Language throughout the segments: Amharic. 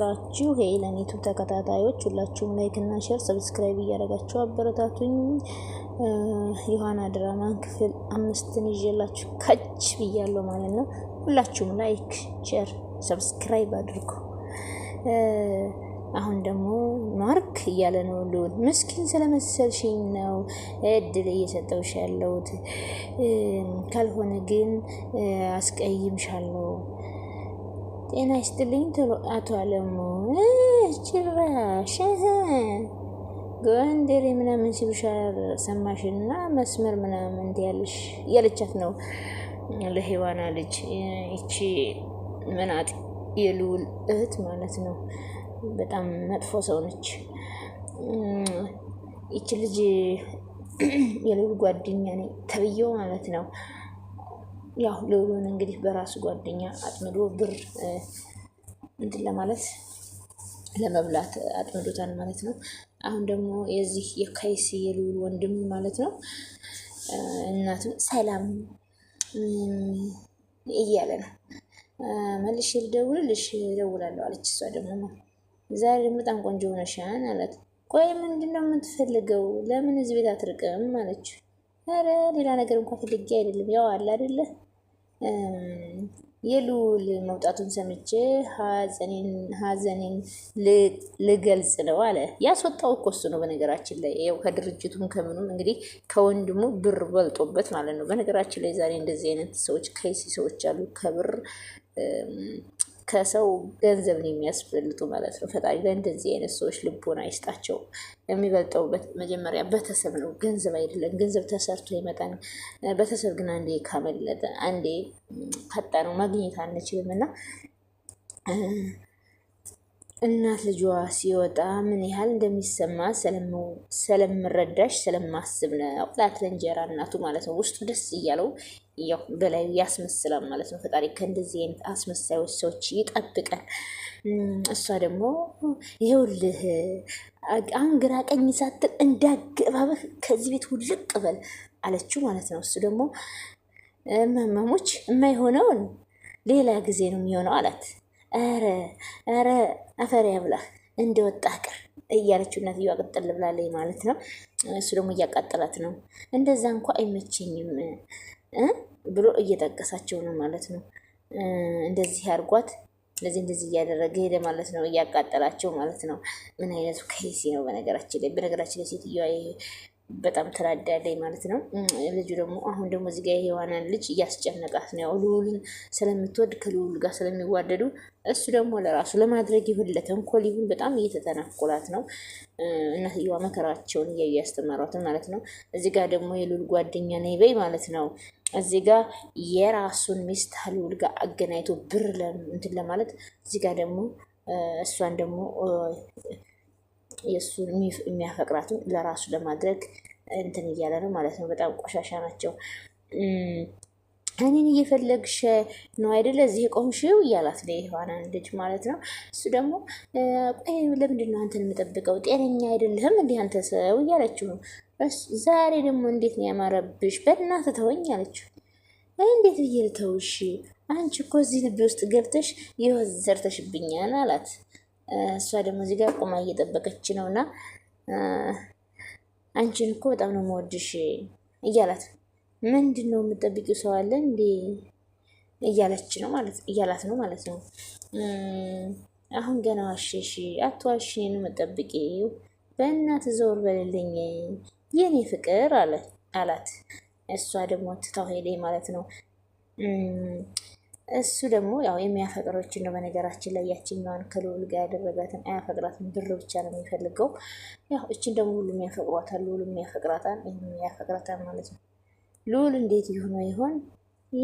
የተከበራችሁ የኢላን ዩቱብ ተከታታዮች ሁላችሁም ላይክ እና ሼር ሰብስክራይብ እያደረጋችሁ አበረታቱኝ። ዮሐና ድራማን ክፍል አምስትን ይዤላችሁ ከች ብያለሁ ማለት ነው። ሁላችሁም ላይክ፣ ሼር፣ ሰብስክራይብ አድርጉ። አሁን ደግሞ ማርክ እያለ ነው ልዑል ምስኪን ስለመሰልሽኝ ነው እድል እየሰጠውሽ ያለሁት፣ ካልሆነ ግን አስቀይምሻለሁ ጤና ይስጥልኝ አቶ አለሙ ጭራሽ ጎንደሬ ምናምን ሲሉሻል ሰማሽና መስመር ምናምን እንዲያልሽ እያለቻት ነው ለሄዋና ልጅ ይቺ መናጢ የልውል እህት ማለት ነው። በጣም መጥፎ ሰው ነች። ይቺ ልጅ የልውል ጓደኛ ነኝ ተብዬው ማለት ነው። ያው ሎሎን እንግዲህ በራሱ ጓደኛ አጥምዶ ብር እንትን ለማለት ለመብላት አጥምዶታን ማለት ነው። አሁን ደግሞ የዚህ የካይሲ የልዑል ወንድም ማለት ነው እናቱ ሰላም እያለ ነው። መልሼ ልደውልልሽ እደውላለሁ አለች። እሷ ደግሞ ዛሬ ደግሞ በጣም ቆንጆ ሆነሻን አላት። ቆይ ምንድን ነው የምትፈልገው? ለምን እዚህ ቤት አትርቅም አለችው። ኧረ ሌላ ነገር እንኳን ፈልጌ አይደለም ያው አለ አይደለም? የልዑል መውጣቱን ሰምቼ ሀዘኔን ልገልጽ ነው አለ። ያስወጣው እኮ እሱ ነው። በነገራችን ላይ ያው ከድርጅቱም ከምኑም እንግዲህ ከወንድሙ ብር በልጦበት ማለት ነው። በነገራችን ላይ ዛሬ እንደዚህ አይነት ሰዎች ከይሲ ሰዎች አሉ ከብር ከሰው ገንዘብን የሚያስበልጡ ማለት ነው። ፈጣሪ ለእንደዚህ አይነት ሰዎች ልቦና አይስጣቸው። የሚበልጠው መጀመሪያ በተሰብ ነው፣ ገንዘብ አይደለም። ገንዘብ ተሰርቶ ይመጣል። በተሰብ ግን አንዴ ካመለጠ አንዴ ካጣ ነው ማግኘት አንችልም እና እናት ልጇ ሲወጣ ምን ያህል እንደሚሰማ ስለምረዳሽ ስለማስብ ነው ላት ለእንጀራ እናቱ ማለት ነው። ውስጡ ደስ እያለው ያው በላዩ ያስመስላል ማለት ነው። ፈጣሪ ከእንደዚህ አይነት አስመሳዮች ሰዎች ይጠብቀን። እሷ ደግሞ ይኸውልህ አሁን ግራ ቀኝ ሳትል እንዳግባበህ ከዚህ ቤት ውልቅ በል አለችው ማለት ነው። እሱ ደግሞ መመሞች የማይሆነውን ሌላ ጊዜ ነው የሚሆነው አላት። ኧረ ኧረ አፈር ያብላ እንደ ወጣ ቅር እያለችው እናትየዋ ቅጥል ብላለች ማለት ነው። እሱ ደግሞ እያቃጠላት ነው። እንደዛ እንኳ አይመቸኝም ብሎ እየጠቀሳቸው ነው ማለት ነው። እንደዚህ አድርጓት እንደዚህ እንደዚህ እያደረገ ሄደ ማለት ነው። እያቃጠላቸው ማለት ነው። ምን አይነቱ ከይሲ ነው! በነገራችን ላይ በነገራችን ላይ ሴትዮዋ በጣም ትራዳለች ማለት ነው። ልጁ ደግሞ አሁን ደግሞ እዚጋ የሔዋናን ልጅ እያስጨነቃት ነው። ያው ስለምትወድ ከልዑል ጋር ስለሚዋደዱ እሱ ደግሞ ለራሱ ለማድረግ ይሁን ለተንኮል ይሁን በጣም እየተተናኮላት ነው። እናትየዋ መከራቸውን እያዩ ያስተማሯት ማለት ነው። እዚጋ ደግሞ የልውል ጓደኛ ነይ በይ ማለት ነው። እዚህ ጋር የራሱን ሚስት ልውል ጋር አገናኝቶ ብር እንትን ለማለት እዚህ ጋር ደግሞ እሷን ደግሞ የእሱ የሚያፈቅራትን ለራሱ ለማድረግ እንትን እያለ ነው ማለት ነው። በጣም ቆሻሻ ናቸው። እኔን እየፈለግሽ ነው አይደለ እዚህ የቆምሽው እያላት ነው የዋናን ልጅ ማለት ነው። እሱ ደግሞ ቆይ ለምንድን ነው አንተን የምጠብቀው? ጤነኛ አይደለህም እንዲህ አንተ ሰው እያለችው ነው። ዛሬ ደግሞ እንዴት ነው ያማረብሽ? በእናትህ ተወኝ አለችው። እንዴት ብዬ ልተውሽ? አንቺ እኮ እዚህ ልቤ ውስጥ ገብተሽ የወዘርተሽብኛን አላት። እሷ ደግሞ እዚህ ጋር ቁማ እየጠበቀች ነው እና አንቺን እኮ በጣም ነው መወድሽ እያላት ምንድን ነው የምጠብቂው ሰው አለ እንዴ እያለች ነው ማለት እያላት ነው ማለት ነው። አሁን ገና ዋሸሽ አትዋሽ ነው የምጠብቂው በእናት ዘወር በልልኝ የኔ ፍቅር አላት። እሷ ደግሞ ትታው ሄደ ማለት ነው። እሱ ደግሞ ያው የሚያፈቅሮችን ነው። በነገራችን ላይ ያችኛዋን ከልውል ጋር ያደረጋትን አያፈቅራትም፣ ብር ብቻ ነው የሚፈልገው። ያው እችን ደግሞ ሁሉም ያፈቅሯታል፣ ልዑልም ያፈቅራታል፣ ይህም ያፈቅራታል ማለት ነው። ልውል እንዴት ይሆነ ይሆን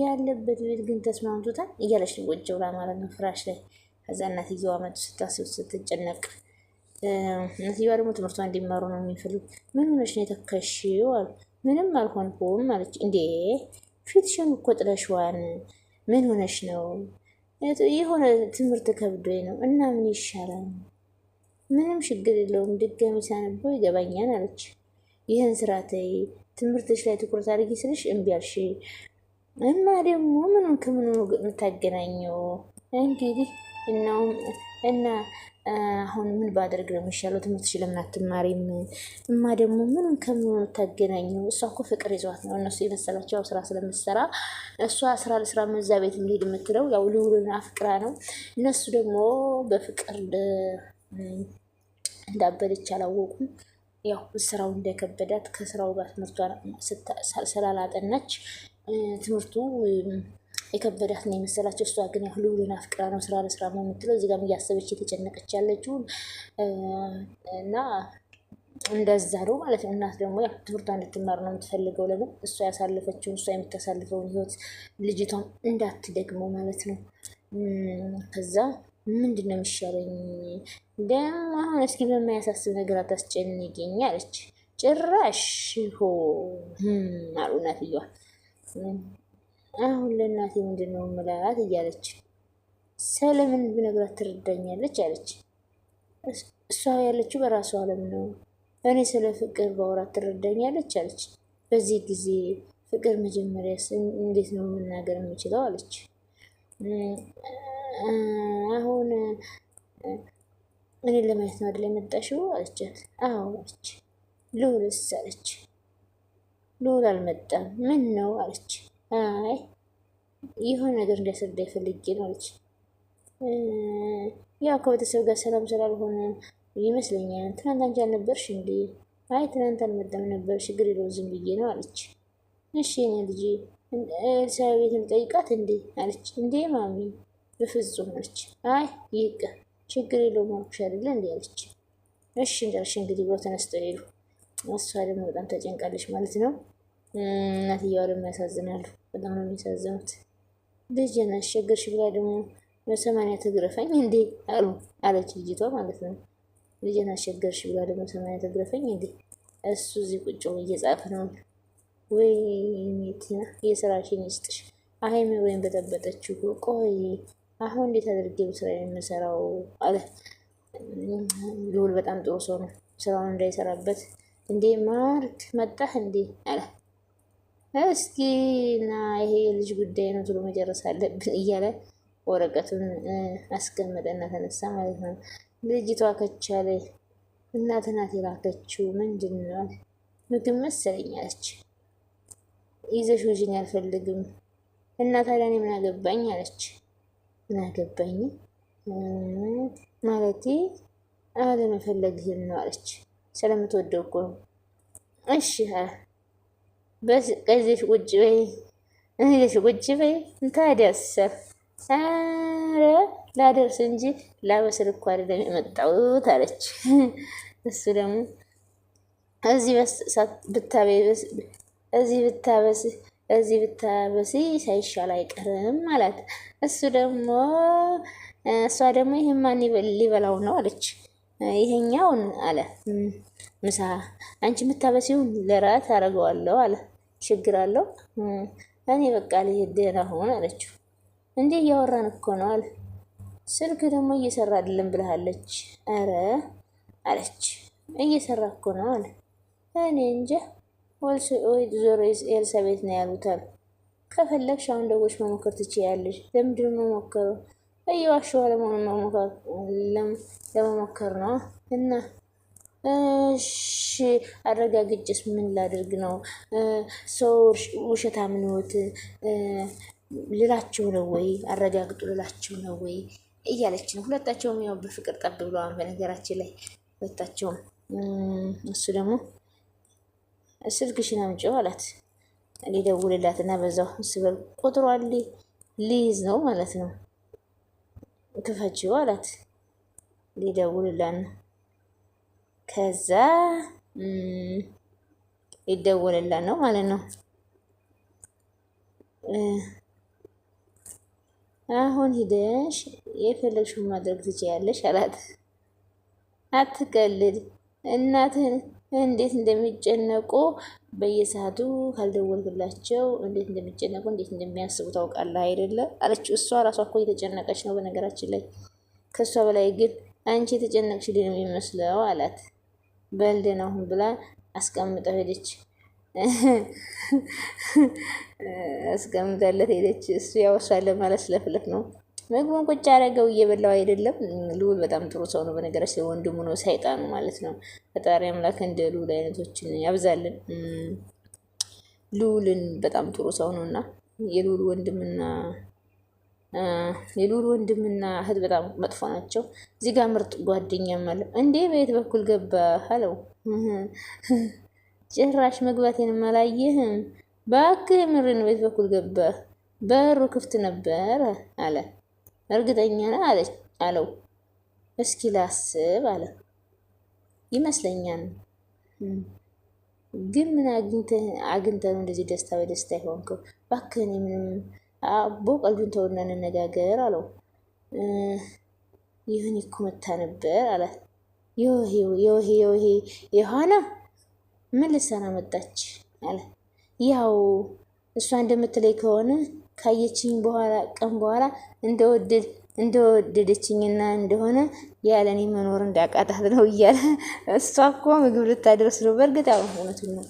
ያለበት ቤት ግን ተስማምቶታል እያለች ቁጭ ብላ ማለት ነው ፍራሽ ላይ። ከዛ እናትየዋ መጡ ስታስብ ስትጨነቅ፣ እናትየዋ ደግሞ ትምህርቷ እንዲመሩ ነው የሚፈልግ። ምን ሆነሽ ነው የተከሽው? ምንም አልሆንኩም አለች። እንዴ ፊትሽን እኮ ጥለሽዋን ምን ሆነሽ ነው? የሆነ ትምህርት ከብዶኝ ነው እና ምን ይሻላል? ምንም ችግር የለውም ድጋሚ ሳነበው ይገባኛል አለች። ይህን ስራ ተይ፣ ትምህርትሽ ላይ ትኩረት አድርጊ ስልሽ እምቢ አልሽ። እማ ደግሞ ምኑን ከምኑ የምታገናኘው እንግዲህ እናውም እና አሁን ምን ባደርግ ነው የሚሻለው? ትምህርትሽ ለምን አትማሪም? እማ ደግሞ ምንም ከምን ታገናኝ? እሷ እኮ ፍቅር ይዟት ነው። እነሱ የመሰላቸው ያው ስራ ስለምትሰራ እሷ ስራ ለስራ መዛ ቤት እንሄድ የምትለው ያው ልውልን አፍቅራ ነው። እነሱ ደግሞ በፍቅር እንዳበደች አላወቁም። ያው ስራው እንደከበዳት ከስራው ጋር ትምህርቷ ስላላጠናች ትምህርቱ የከበዳት ነው የመሰላቸው። እሷ ግን ሁሉ ልዑልን አፍቅራ ነው ስራ ለስራ ነው የምትለው። እዚህ እያሰበች የተጨነቀች ያለችው እና እንደዛ ነው ማለት ነው። እናት ደግሞ ያው ትምህርቷ እንድትማር ነው የምትፈልገው። ለምን እሷ ያሳለፈችውን እሷ የምታሳልፈውን ህይወት ልጅቷን እንዳትደግሞ ማለት ነው። ከዛ ምንድን ነው የሚሻለኝ ደግሞ አሁን እስኪ በማያሳስብ ነገር አታስጨንቂኝ አለች። ጭራሽ ሆ አሉ እናትየዋ። አሁን ለእናቴ ምንድን ነው ምላት እያለች ሰለምን ብነግራት ትረዳኛለች አለች። እሷ ያለችው በራሷ አለም ነው። እኔ ስለ ፍቅር ባወራት ትረዳኛለች አለች። በዚህ ጊዜ ፍቅር መጀመሪያ እንዴት ነው መናገር የምችለው አለች። አሁን እኔ ለማየት ነው አይደል የመጣሽው አለቻት። አዎ አለች። ልውልስ አለች። ልውል አልመጣም ምን ነው አለች። አይ የሆነ ነገር እንዳይሰር እንዳይፈልግ አለች። ያው ከቤተሰብ ጋር ሰላም ስላልሆነ ይመስለኛል። ትናንት አንቺ አልነበርሽ እንዴ? አይ ትናንት አልመጣም ነበር፣ ችግር የለውም ዝም ብዬ ነው አለች። እሺ የኔ ልጅ ኤልሳ ቤትን ጠይቃት እንዴ አለች። እንዴ ማሚ በፍጹም አለች። አይ ይቅ ችግር የለውም አልኩሽ አይደለ እንዴ አለች። እሺ እንዳልሽ እንግዲህ ብሎ ተነስተው ሄዱ። እሷ ደግሞ በጣም ተጨንቃለች ማለት ነው። እናትየዋ ደግሞ ያሳዝናሉ። በጣም ነው የሚያሳዝኑት። ልጅ አስቸገርሽ ብላ ደግሞ በሰማንያ ትግረፈኝ እንዴ አሉ አለች ልጅቷ ማለት ነው። ልጅን አስቸገርሽ ብላ ደግሞ ሰማንያ ትግረፈኝ እንዴ እሱ እዚህ ቁጭ ብሎ እየጻፈ ነው። ወይ ሜትና የስራሽን ይስጥሽ። አሀይሜ ወይም በጠበጠችው ቆይ አሁን እንዴት አድርጌ ስራ የምሰራው አለ ልውል። በጣም ጥሩ ሰው ነው። ስራውን እንዳይሰራበት እንዴ ማርክ መጣህ እንዴ አለ እስኪ ና ይሄ የልጅ ጉዳይ ነው ብሎ መጨረስ አለብን እያለ ወረቀቱን አስቀመጠና ተነሳ ማለት ነው። ልጅቷ ከች አለ እናት ናት የላከችው ምንድን ነው ምግብ መሰለኝ አለች። ይዘሽ ውዥን አልፈልግም እና ታዲያ ምን አገባኝ አለች። ምን አገባኝ ማለቴ አለመፈለግህን ነው አለች። ስለምትወደው እኮ ነው። እሺ በዚህ ቁጭ በይ እዚህ ቁጭ በይ እንታደሰር ኧረ ላደርስ እንጂ ላበስል እኮ አይደለም የመጣሁት አለች። እሱ ደግሞ እዚህ በስ እዚህ ብታበስ እዚህ ብታበስ ሳይሻል አይቀርም አላት። እሱ ደግሞ እሷ ደግሞ ይህማ ሊበላው ነው አለች። ይሄኛውን አለ ምሳ አንቺ የምታበሲውን ለራት አደርገዋለሁ አለ። ችግር አለው እኔ በቃ ልሄድ ደህና አለችው። እንዴ እያወራን እኮ ነው አለ። ስልክ ደግሞ እየሰራ አይደለም ብልሃለች። አረ አለች እየሰራ እኮ ነው አለ። እኔ እንጃ ወይ ዞሮ ኤልሳቤት ነው አሉ። ከፈለግሽ አሁን ደጎች መሞከር ትችያለሽ። ለምንድን ነው መሞከረው ለመሆኑ ለመሞከር ነው እና እሺ አረጋግጬስ ምን ላድርግ ነው? ሰው ውሸታ ምንወት ልላችሁ ነው ወይ አረጋግጡ ልላቸው ነው ወይ እያለች ነው። ሁለታቸውም ያው በፍቅር ጠብ ብለዋል። በነገራችን ላይ ሁለታቸውም እሱ ደግሞ ስልክሽን አምጪው አላት። ሊደውልላት እና በዛው ስበል ቁጥሯ ሊይዝ ነው ማለት ነው። ክፈችው አላት። ሊደውልላት ነው። ከዛ ሊደውልላት ነው ማለት ነው። አሁን ሂደሽ የፈለግሽውን ማድረግ ትችያለሽ አላት። አትቀልድ እናትህን እንዴት እንደሚጨነቁ በየሰዓቱ ካልደወልኩላቸው እንዴት እንደሚጨነቁ እንዴት እንደሚያስቡ ታውቃለህ አይደለ? አለችው። እሷ ራሷ እኮ እየተጨነቀች ነው በነገራችን ላይ ከእሷ በላይ ግን አንቺ የተጨነቅሽ ነው የሚመስለው አላት። በልደን አሁን ብላ አስቀምጠው ሄደች። አስቀምጣለት ሄደች። እሱ ያወሳለ ማለት ስለፍለፍ ነው። ምግቡን ቁጭ ያደረገው እየበላው አይደለም። ልውል በጣም ጥሩ ሰው ነው። በነገራችን ላይ ወንድሙ ነው ሰይጣኑ ማለት ነው። ፈጣሪ አምላክ እንደ ልውል አይነቶችን ያብዛልን። ልውልን በጣም ጥሩ ሰው ነው እና የልውል ወንድምና የልዑል ወንድምና እህት በጣም መጥፎ ናቸው። እዚህ ጋር ምርጥ ጓደኛም አለው እንዴ! በየት በኩል ገባ አለው። ጭራሽ መግባቴንም አላየህም ባክህ፣ ምርን በየት በኩል ገባ፣ በሩ ክፍት ነበር አለ። እርግጠኛ ነህ አለ አለው። እስኪ ላስብ አለ። ይመስለኛል ግን ምን አግኝተህ ነው እንደዚህ ደስታ በደስታ የሆንከው? እባክህን ምንም አቦ ቀልዱን ተውና እንነጋገር አለው። ይህን እኮ መታ ነበር አለ። የውሄ የውሄ የውሄ የኋና ምን ልሳና መጣች አለ ያው እሷ እንደምትለይ ከሆነ ካየችኝ በኋላ ቀን በኋላ እንደወደድ እንደወደደችኝና እንደሆነ ያለኔ መኖር እንዳቃጣት ነው እያለ እሷ እኮ ምግብ ልታደርስ ነው። በእርግጥ ያው እውነቱን ነው።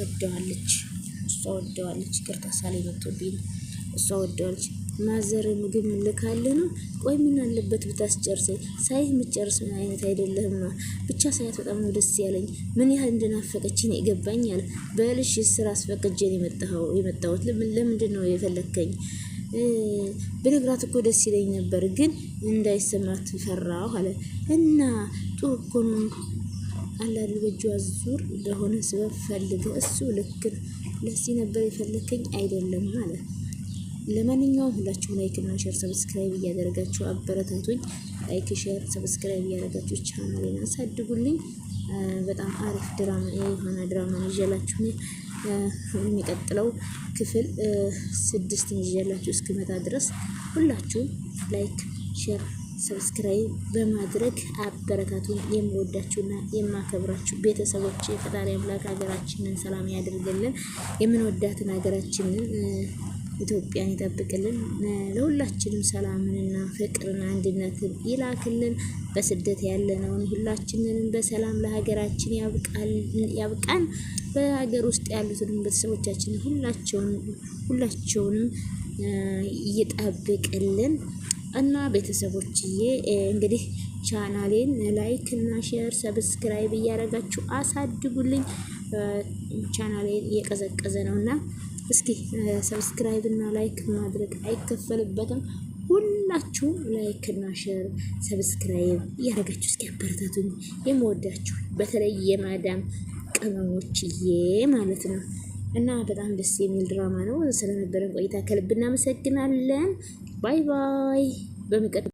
ወደዋለች። እሷ ወደዋለች። ቅርታ ሳሌ መጥቶብኝ ነው። እሷ ወደዋለች። ማዘር ምግብ ምልካለ ነው። ቆይ ምን አለበት ብታስጨርሰኝ? ሳይ የምትጨርስ ምን አይነት አይደለህማ። ብቻ ሳያት በጣም ነው ደስ ያለኝ። ምን ያህል እንደናፈቀች እንደናፈቀችን ይገባኝ አለ። በልሽ ስራ አስፈቅጄን የመጣሁት ለምንድን ነው የፈለግከኝ? ብነግራት እኮ ደስ ይለኝ ነበር፣ ግን እንዳይሰማት ፈራሁ አለ እና ጥሩ እኮ ነው አላሉ በእጇ ዙር ለሆነ ስበብ ፈልገ እሱ ልክ ለዚህ ነበር የፈለከኝ አይደለም አለ። ለማንኛውም ሁላችሁም ላይክ እና ሼር ሰብስክራይብ እያደረጋችሁ አበረታቱኝ። ላይክ፣ ሼር፣ ሰብስክራይብ እያደረጋችሁ ቻናሌን አሳድጉልኝ። በጣም አሪፍ ድራማ የሆነ ድራማ ይዤላችሁ የሚቀጥለው ክፍል ስድስት ይዤላችሁ እስክመጣ ድረስ ሁላችሁም ላይክ፣ ሼር ሰብስክራይብ በማድረግ አበረታቱን። የምወዳችሁና የማከብራችሁ ቤተሰቦች የፈጣሪ አምላክ ሀገራችንን ሰላም ያደርግልን። የምንወዳትን ሀገራችንን ኢትዮጵያን ይጠብቅልን። ለሁላችንም ሰላምንና ፍቅርን አንድነትን ይላክልን። በስደት ያለነውን ሁላችንንም በሰላም ለሀገራችን ያብቃን። በሀገር ውስጥ ያሉትንም ቤተሰቦቻችን ሁላቸውንም እየጠብቅልን እና ቤተሰቦችዬ እንግዲህ ቻናሌን ላይክ እና ሼር ሰብስክራይብ እያደረጋችሁ አሳድጉልኝ። ቻናሌን እየቀዘቀዘ ነው እና እስኪ ሰብስክራይብ እና ላይክ ማድረግ አይከፈልበትም። ሁላችሁ ላይክ እና ሼር ሰብስክራይብ እያደረጋችሁ እስኪ አበረታቱኝ። የምወዳችሁ በተለይ የማዳም ቅመሞችዬ ማለት ነው። እና በጣም ደስ የሚል ድራማ ነው። ስለነበረን ቆይታ ከልብ እናመሰግናለን። ባይ ባይ በሚቀጥ